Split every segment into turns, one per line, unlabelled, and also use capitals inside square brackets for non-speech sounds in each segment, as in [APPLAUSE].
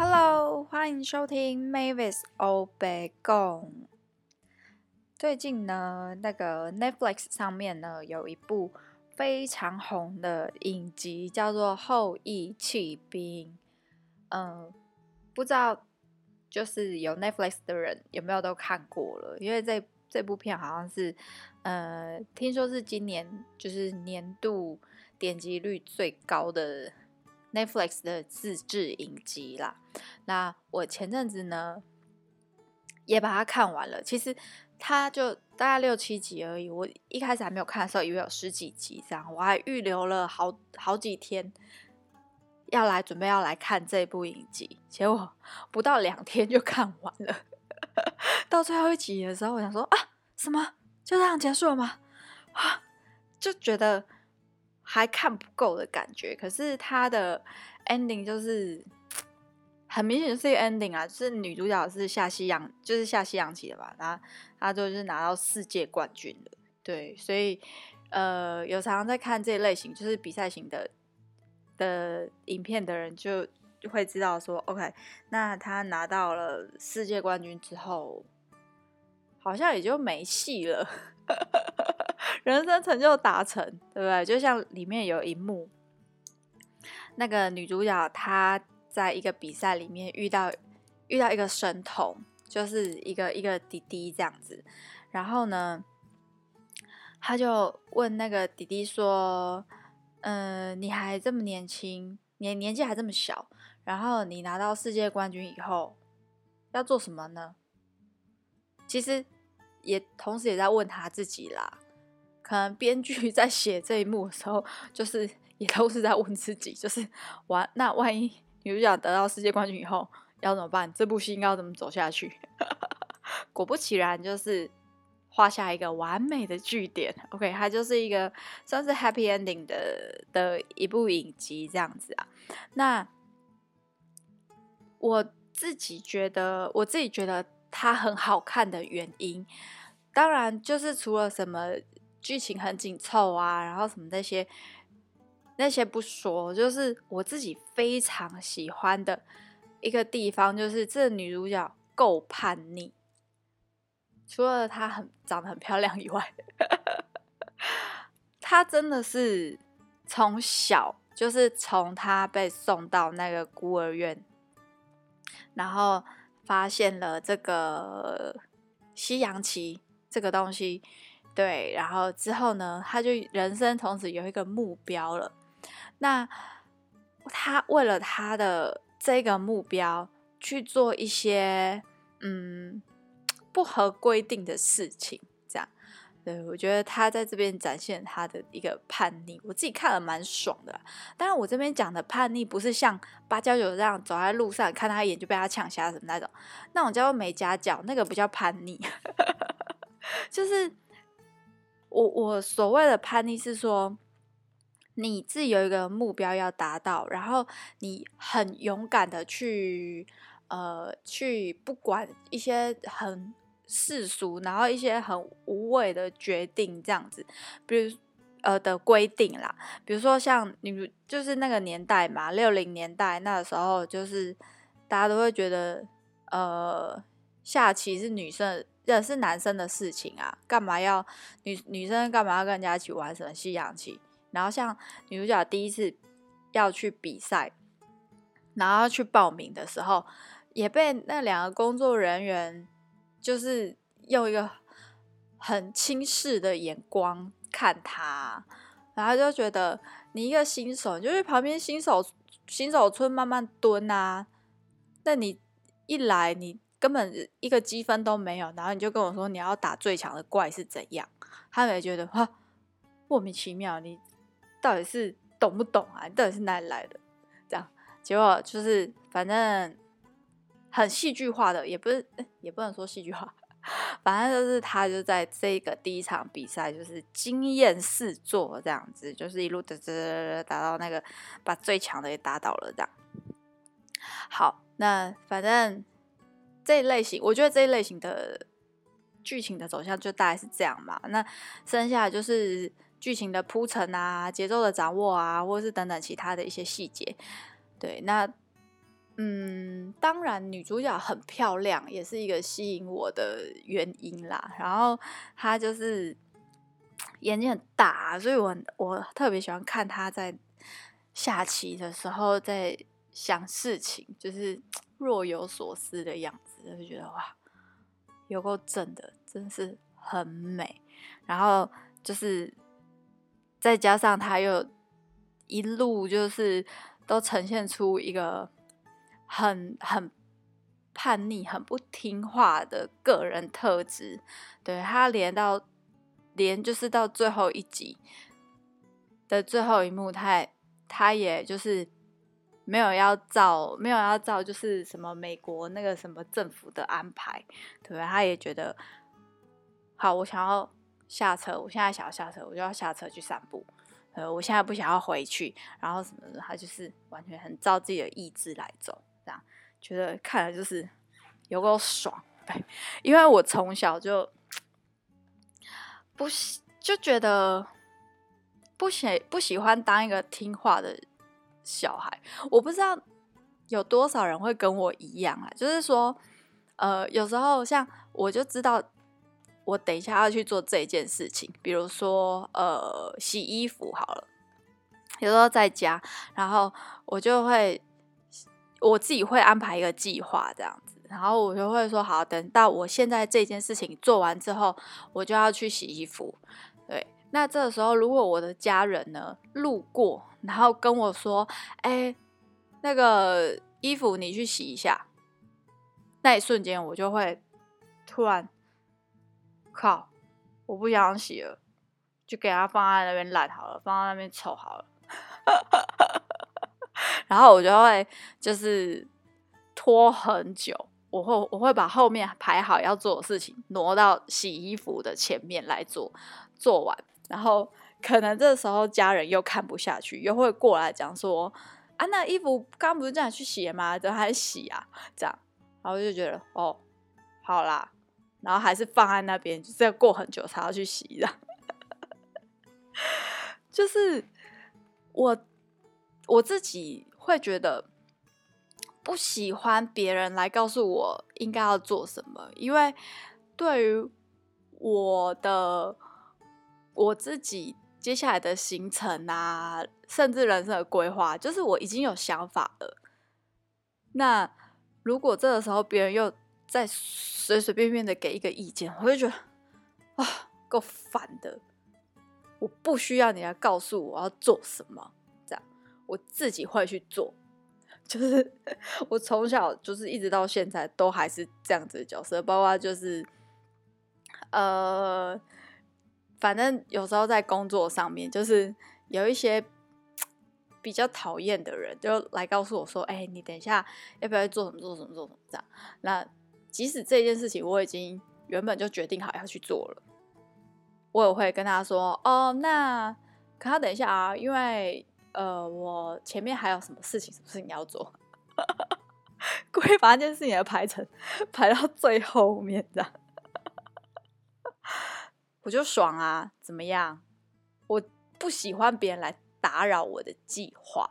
Hello，歡迎收聽 Mavis 歐北共。最近呢，那個 Netflix 上面呢有一部非常紅的影集，叫做《後翼棄兵》。嗯，不知道就是有 Netflix 的人有沒有都看過了，因為這這部片好像是，呃，聽說是今年就是年度點擊率最高的。Netflix 的自製影集啦，那我前陣子呢也把它看完了。其實它就大概六七集而已。我一開始還沒有看的時候，以為有十幾集這樣，我還預留了好好幾天要來準備要來看這部影集。結果不到兩天就看完了。 [LAUGHS] 到最後一集的時候，我想說啊，什麼，就這樣結束了嗎？啊，就覺得。還看不夠的感覺，可是他的 ending 就是很明顯是一個 ending 啊，是女主角是下西洋，就是下西洋棋的吧，然後她就是拿到世界冠軍了，對，所以呃，有常常在看這類型就是比賽型的的影片的人，就會知道說，OK，那她拿到了世界冠軍之後，好像也就沒戲了。 [LAUGHS] 人生成就達成，對不對？就像裡面有一幕，那個女主角她在一個比賽裡面遇到遇到一個神童，就是一個一個弟弟這樣子。然後呢，她就問那個弟弟說：“嗯、呃，你還這麼年輕，年年紀還這麼小，然後你拿到世界冠軍以後要做什麼呢？”其實也同時也在問他自己啦。可能編劇在寫這一幕的時候，就是也都是在問自己，就是完那萬一女主角得到世界冠軍以後要怎麼辦？這部戲應該要怎麼走下去？ [LAUGHS] 果不其然，就是畫下一個完美的句點。OK，它就是一個算是 Happy Ending 的的一部影集這樣子啊。那我自己覺得，我自己覺得它很好看的原因，當然就是除了什麼。劇情很緊湊啊，然後什麼那些那些不說，就是我自己非常喜歡的一個地方，就是這女主角夠叛逆，除了她很長得很漂亮以外，呵呵，她真的是從小，就是從她被送到那個孤兒院，然後發現了這個西洋棋這個東西。對，然後之後呢，他就人生從此有一個目標了。那他為了他的這個目標去做一些嗯不合規定的事情，這樣。對，我覺得他在這邊展現他的一個叛逆，我自己看了蠻爽的啦。當然，我這邊講的叛逆不是像八加九這樣走在路上看他一眼就被他嗆瞎什麼那種，那種叫沒家教，那個不叫叛逆， [LAUGHS] 就是。我我所謂的叛逆是說，你自己有一個目標要達到，然後你很勇敢的去，呃，去不管一些很世俗，然後一些很無謂的決定這樣子，比如呃的規定啦，比如說像你就是那個年代嘛，六零年代那個時候就是大家都會覺得呃。下棋是女生，也是男生的事情啊，幹嘛要女女生幹嘛要跟人家一起玩什麼西洋棋？然後像女主角第一次要去比賽，然後去報名的時候，也被那兩個工作人員就是用一個很輕視的眼光看他，然後就覺得你一個新手，你就去旁邊新手新手村慢慢蹲啊，那你一來你。根本一個積分都沒有，然後你就跟我說你要打最強的怪是怎樣？他們也覺得哇，莫名其妙，你到底是懂不懂啊？你到底是哪裡來的？這樣結果就是反正很戲劇化的，也不是，也不能說戲劇化，反正就是他就在這個第一場比賽就是驚艷四座，這樣子就是一路得得打到那個把最強的也打倒了，這樣。好，那反正。這一類型，我覺得這一類型的劇情的走向就大概是這樣嘛。那剩下的就是劇情的鋪陳啊、節奏的掌握啊，或是等等其他的一些細節。對，那嗯，當然女主角很漂亮，也是一個吸引我的原因啦。然後她就是眼睛很大，所以我我特別喜歡看她在下棋的時候在。想事情就是若有所思的樣子，就覺得哇，有夠正的，真是很美。然後就是再加上他又一路就是都呈現出一個很很叛逆、很不聽話的個人特質。對，他連到連就是到最後一集的最後一幕他也，他他也就是。沒有要照，沒有要照，就是什麼美國那個什麼政府的安排，對吧？他也覺得好，我想要下車，我現在想要下車，我就要下車去散步。呃，我現在不想要回去，然後什麼的，他就是完全很照自己的意志來走，這樣覺得看來就是有夠爽。對，因為我從小就不喜，就覺得不喜不喜歡當一個聽話的人。小孩，我不知道有多少人會跟我一樣啊，就是說，呃，有時候像我就知道，我等一下要去做這件事情，比如說呃洗衣服好了，有時候在家，然後我就會我自己會安排一個計劃這樣子，然後我就會說好，等到我現在這件事情做完之後，我就要去洗衣服。對，那這個時候如果我的家人呢，路過。然後跟我說：“哎，那個衣服你去洗一下。”那一瞬間，我就會突然靠，我不想洗了，就給它放在那邊爛好了，放在那邊臭好了。 [LAUGHS] 然後我就會就是拖很久，我會我會把後面排好要做的事情挪到洗衣服的前面來做，做完然後。可能這時候家人又看不下去，又會過來講說：“啊，那衣服剛不是這樣去洗的嗎？怎麼還洗啊？”這樣，然後就覺得：“哦，好啦。”然後還是放在那邊，就這過很久才要去洗的。這樣 [LAUGHS] 就是我我自己會覺得不喜歡別人來告訴我應該要做什麼，因為對於我的我自己。接下來的行程啊，甚至人生的規劃，就是我已經有想法了。那如果這個時候別人又再隨隨便便的給一個意見，我就覺得啊，夠煩的。我不需要你來告訴我要做什麼，這樣我自己會去做。就是我從小就是一直到現在都還是這樣子的角色，包括就是呃。反正有時候在工作上面，就是有一些比較討厭的人，就來告訴我說：“哎、欸，你等一下，要不要做什麼做什麼做什麼？”這樣，那即使這件事情我已經原本就決定好要去做了，我也會跟他說：“哦，那可他等一下啊，因為呃，我前面還有什麼事情是不是你要做， [LAUGHS] 故意把這件事情排成排到最後面這樣。 [LAUGHS] ”我就爽啊，怎麼樣？我不喜歡別人來打擾我的計劃，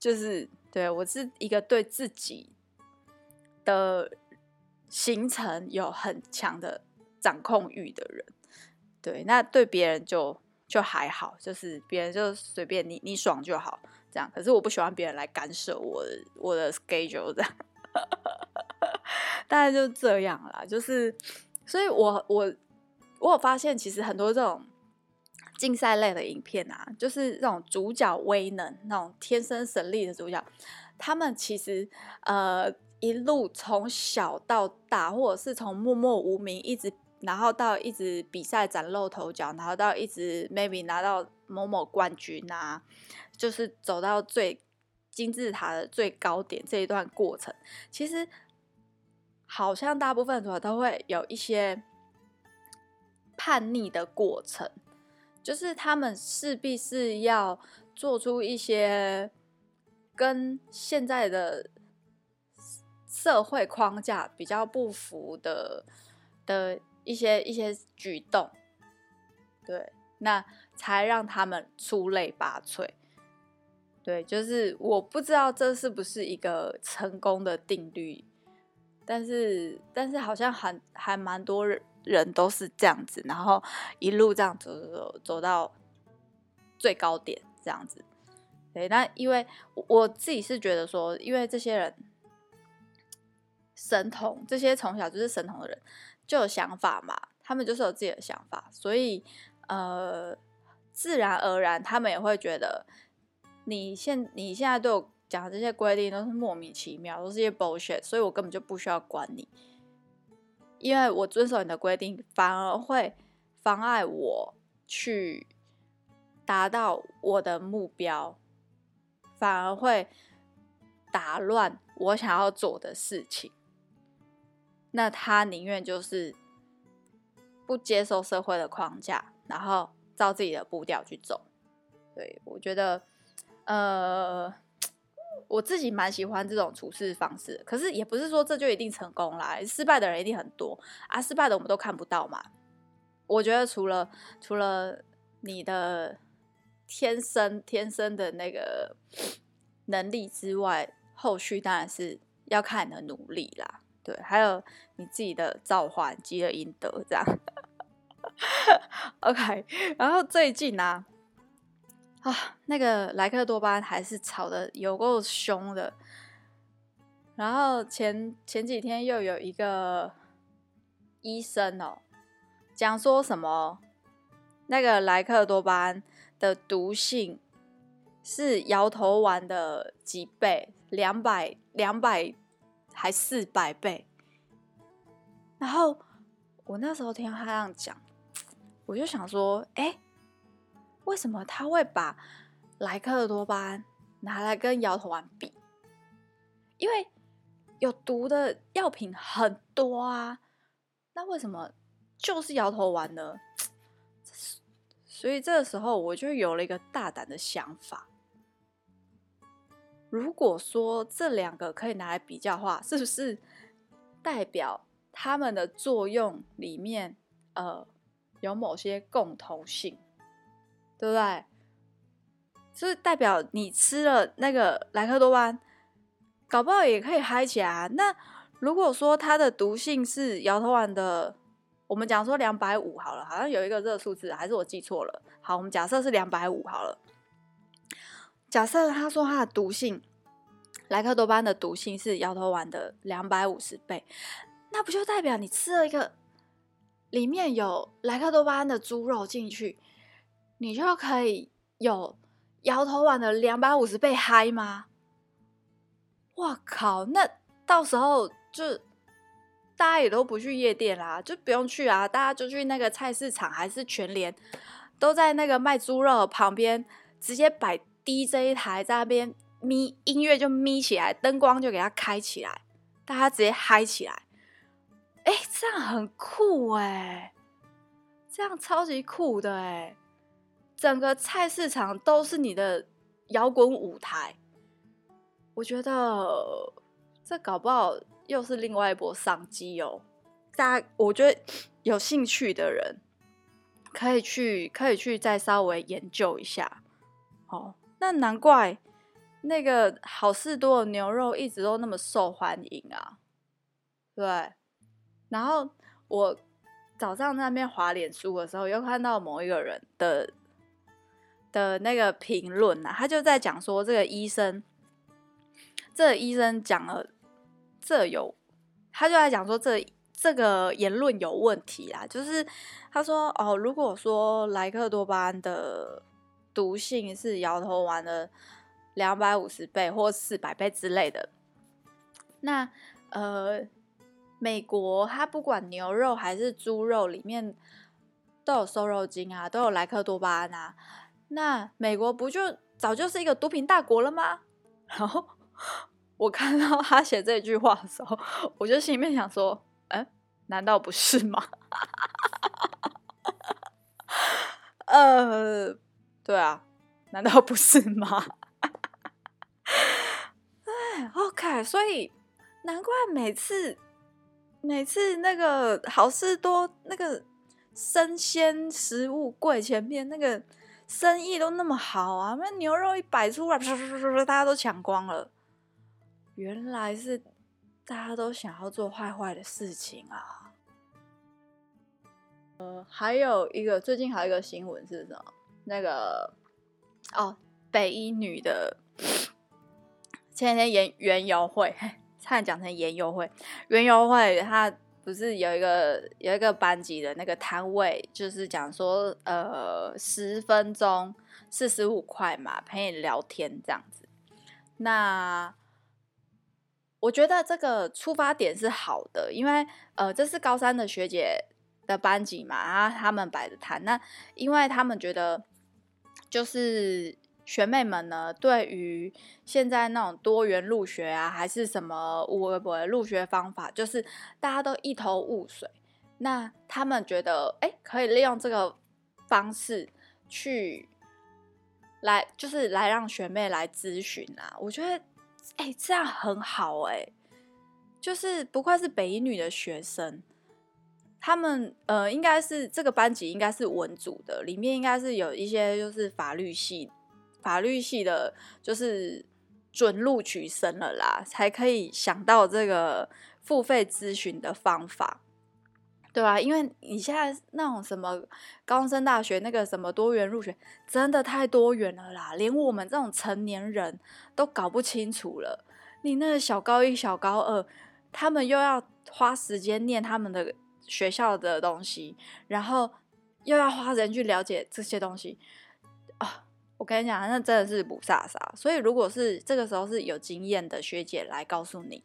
就是對，我是一個對自己的行程有很強的掌控慾的人。對，那對別人就就還好，就是別人就隨便你你爽就好，這樣。可是我不喜歡別人來干涉我的我的 schedule，這樣。大 [LAUGHS] 概就這樣啦，就是，所以我我。我有發現，其實很多這種競賽類的影片啊，就是這種主角威能、那種天生神力的主角，他們其實呃一路從小到大，或者是從默默無名一直，然後到一直比賽嶄露頭角，然後到一直 maybe 拿到某某冠軍啊，就是走到最金字塔的最高點這一段過程，其實好像大部分時候都會有一些。叛逆的過程，就是他們勢必是要做出一些跟現在的社會框架比較不符的的一些一些舉動，對，那才讓他們出類拔萃。對，就是我不知道這是不是一個成功的定律，但是但是好像還還蠻多人。人都是這樣子，然後一路這樣走走走，走到最高點，這樣子。對，那因為我，我自己是覺得說，因為這些人神童，這些從小就是神童的人，就有想法嘛，他們就是有自己的想法，所以呃，自然而然他們也會覺得，你現你現在對我講的這些規定都是莫名其妙，都是些 bullshit，所以我根本就不需要管你。因為我遵守你的規定，反而會妨礙我去達到我的目標，反而會打亂我想要做的事情。那他寧願就是不接受社會的框架，然後照自己的步調去走。對，我覺得，呃。我自己蠻喜歡這種處事方式，可是也不是說這就一定成功啦，失敗的人一定很多啊，失敗的我們都看不到嘛。我覺得除了除了你的天生天生的那個能力之外，後續當然是要看你的努力啦，對，還有你自己的召喚積了陰德這樣。 [LAUGHS] OK，然後最近啊。啊，那個萊克多巴胺還是吵得有夠兇的。然後前前幾天又有一個醫生哦，講說什麼那個萊克多巴胺的毒性是搖頭丸的幾倍，兩百、兩百還四百倍。然後我那時候聽他這樣講，我就想說，欸。為什麼他會把萊克多巴胺拿來跟搖頭丸比？因為有毒的藥品很多啊，那為什麼就是搖頭丸呢？所以這個時候我就有了一個大膽的想法。如果說這兩個可以拿來比較的話，是不是代表他們的作用裡面呃有某些共同性？對不對？就是代表你吃了那個萊克多巴胺，搞不好也可以嗨起來啊。那如果說它的毒性是搖頭丸的，我們講說兩百五好了，好像有一個熱數字，還是我記錯了。好，我們假設是兩百五好了。假設他說它的毒性，萊克多巴胺的毒性是搖頭丸的兩百五十倍，那不就代表你吃了一個裡面有萊克多巴胺的豬肉進去，你就可以有搖頭丸的兩百五十倍嗨嗎？哇靠！那到時候就大家也都不去夜店啦，就不用去啊，大家就去那個菜市場還是全聯都在那個賣豬肉的旁邊直接擺 DJ 台，在那邊咪音樂就咪起來，燈光就給它開起來，大家直接嗨起來。哎、欸，這樣很酷哎、欸，這樣超級酷的哎、欸。整個菜市場都是你的搖滾舞台，我覺得這搞不好又是另外一波商機哦。大家，我覺得有興趣的人可以去，可以去再稍微研究一下。哦，那難怪那個好事多的牛肉一直都那麼受歡迎啊。對。然後我早上在那邊滑臉書的時候，又看到某一個人的。的那個評論啊，他就在講說這個醫生，這個醫生講了，這個、有，他就在講說這個、這個言論有問題啦、啊。就是他說哦，如果說萊克多巴胺的毒性是搖頭丸的兩百五十倍或四百倍之類的，那呃，美國他不管牛肉還是豬肉裡面都有瘦肉精啊，都有萊克多巴胺啊。那美國不就早就是一個毒品大國了嗎？然後我看到他寫這句話的時候，我就心裡面想說：“哎、欸，難道不是嗎？” [LAUGHS] 呃，對啊，難道不是嗎？對 [LAUGHS] ，OK，所以難怪每次每次那個好市多那個生鮮食物櫃前面那個。生意都那麼好啊，那牛肉一擺出來，啪啪啪啪，大家都搶光了。原來是大家都想要做壞壞的事情啊。呃，還有一個最近還有一個新聞是什麼？那個哦，北一女的前幾天演園遊會，呵呵，差點講成園遊會，園遊會她。不是有一個有一個班級的那個攤位，就是講說，呃，十分鐘四十五塊嘛，陪你聊天這樣子。那我覺得這個出發點是好的，因為呃，這是高三的學姐的班級嘛，啊，他們擺的攤，那因為他們覺得就是。學妹們呢？對於現在那種多元入學啊，還是什麼我我的入學方法，就是大家都一頭霧水。那他們覺得，哎、欸，可以利用這個方式去來，就是來讓學妹來諮詢啊。我覺得，哎、欸，這樣很好、欸，哎，就是不愧是北一女的學生，他們呃，應該是這個班級應該是文組的，裡面應該是有一些就是法律系。法律系的，就是準錄取生了啦，才可以想到這個付費諮詢的方法，對吧、啊？因為你現在那種什麼高中升大學那個什麼多元入學，真的太多元了啦，連我們這種成年人都搞不清楚了。你那個小高一小高二，他們又要花時間念他們的學校的東西，然後又要花人去了解這些東西啊。我跟你講，那真的是不颯颯。所以，如果是這個時候是有經驗的學姐來告訴你，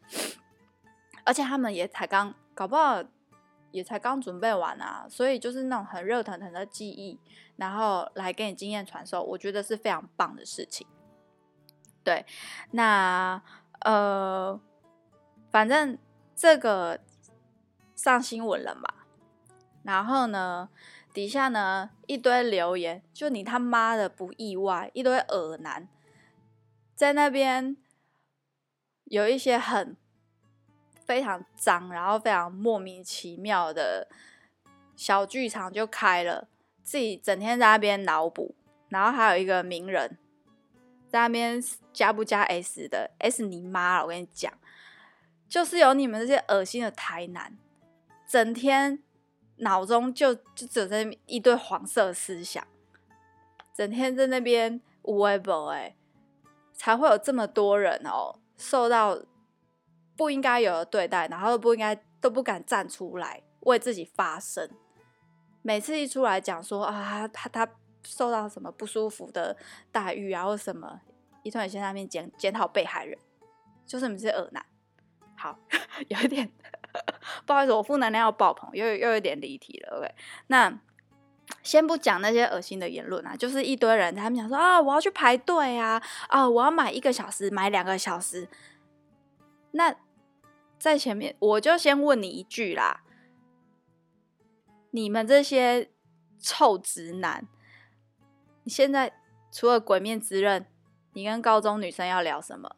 而且他們也才剛，搞不好也才剛準備完啊，所以就是那種很熱騰騰的記憶，然後來給你經驗傳授，我覺得是非常棒的事情。對，那呃，反正這個上新聞了嘛，然後呢？底下呢，一堆留言，就你他媽的不意外。一堆噁男，在那邊有一些很非常髒，然後非常莫名其妙的小劇場就開了，自己整天在那邊腦補，然後還有一個名人在那邊加不加 S 的，S 你媽，我跟你講，就是有你們這些惡心的台男，整天。腦中就就只剩一堆黃色思想，整天在那邊無 i b e 哎，才會有這麼多人哦、喔，受到不應該有的對待，然後不應該都不敢站出來為自己發聲。每次一出來講說啊，他他受到什麼不舒服的待遇然、啊、後什麼，一轉眼先在那邊檢檢討被害人，就是你們這些惡男，好， [LAUGHS] 有一點。 [LAUGHS] 不好意思，我負能量要爆棚，又又有點離題了，OK？那先不講那些噁心的言論啊，就是一堆人他們想說啊，我要去排隊啊，啊，我要買一個小時，買兩個小時。那在前面，我就先問你一句啦，你們這些臭直男，你現在除了《鬼滅之刃》，你跟高中女生要聊什麼？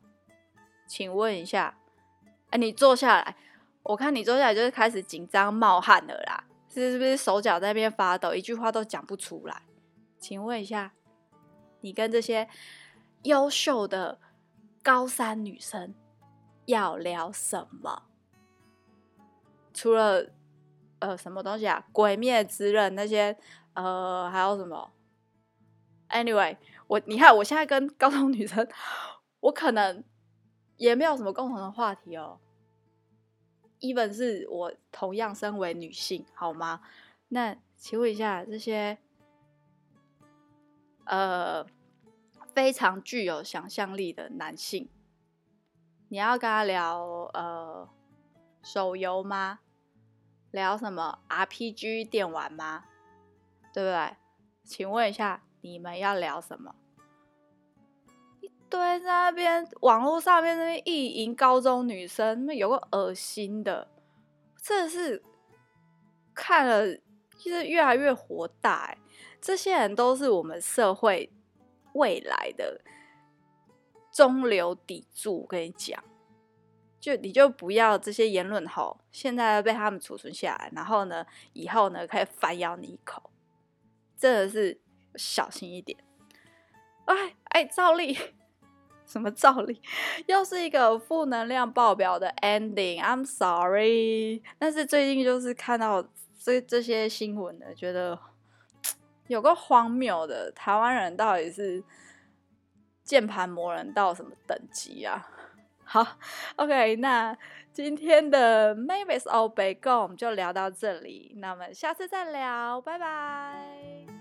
請問一下，哎、欸，你坐下來。我看你坐下來就是開始緊張冒汗了啦，是是不是手腳在那邊發抖，一句話都講不出來？請問一下，你跟這些優秀的高三女生要聊什麼？除了呃什麼東西啊？鬼滅之刃那些，呃還有什麼？Anyway，我你看我現在跟高中女生，我可能也沒有什麼共同的話題哦。Even 是我同樣身為女性，好嗎？那請問一下，這些呃非常具有想象力的男性，你要跟他聊呃手遊嗎？聊什麼 RPG 電玩嗎？對不對？請問一下，你們要聊什麼？對，在那邊網絡上面，那邊意淫高中女生，那有個噁心的，這是看了，就是越來越火大，欸。這些人都是我們社會未來的中流砥柱，我跟你講，就你就不要這些言論吼，現在被他們儲存下來，然後呢，以後呢，可以反咬你一口，真的是小心一點。哎哎，趙麗。什麼道理？又是一個負能量爆表的 ending。I'm sorry。但是最近就是看到這這些新聞呢，覺得有個荒謬的台灣人到底是鍵盤魔人到什麼等級啊？好，OK，那今天的《Mavis Obe》o 我們就聊到這裡，那我們下次再聊，拜拜。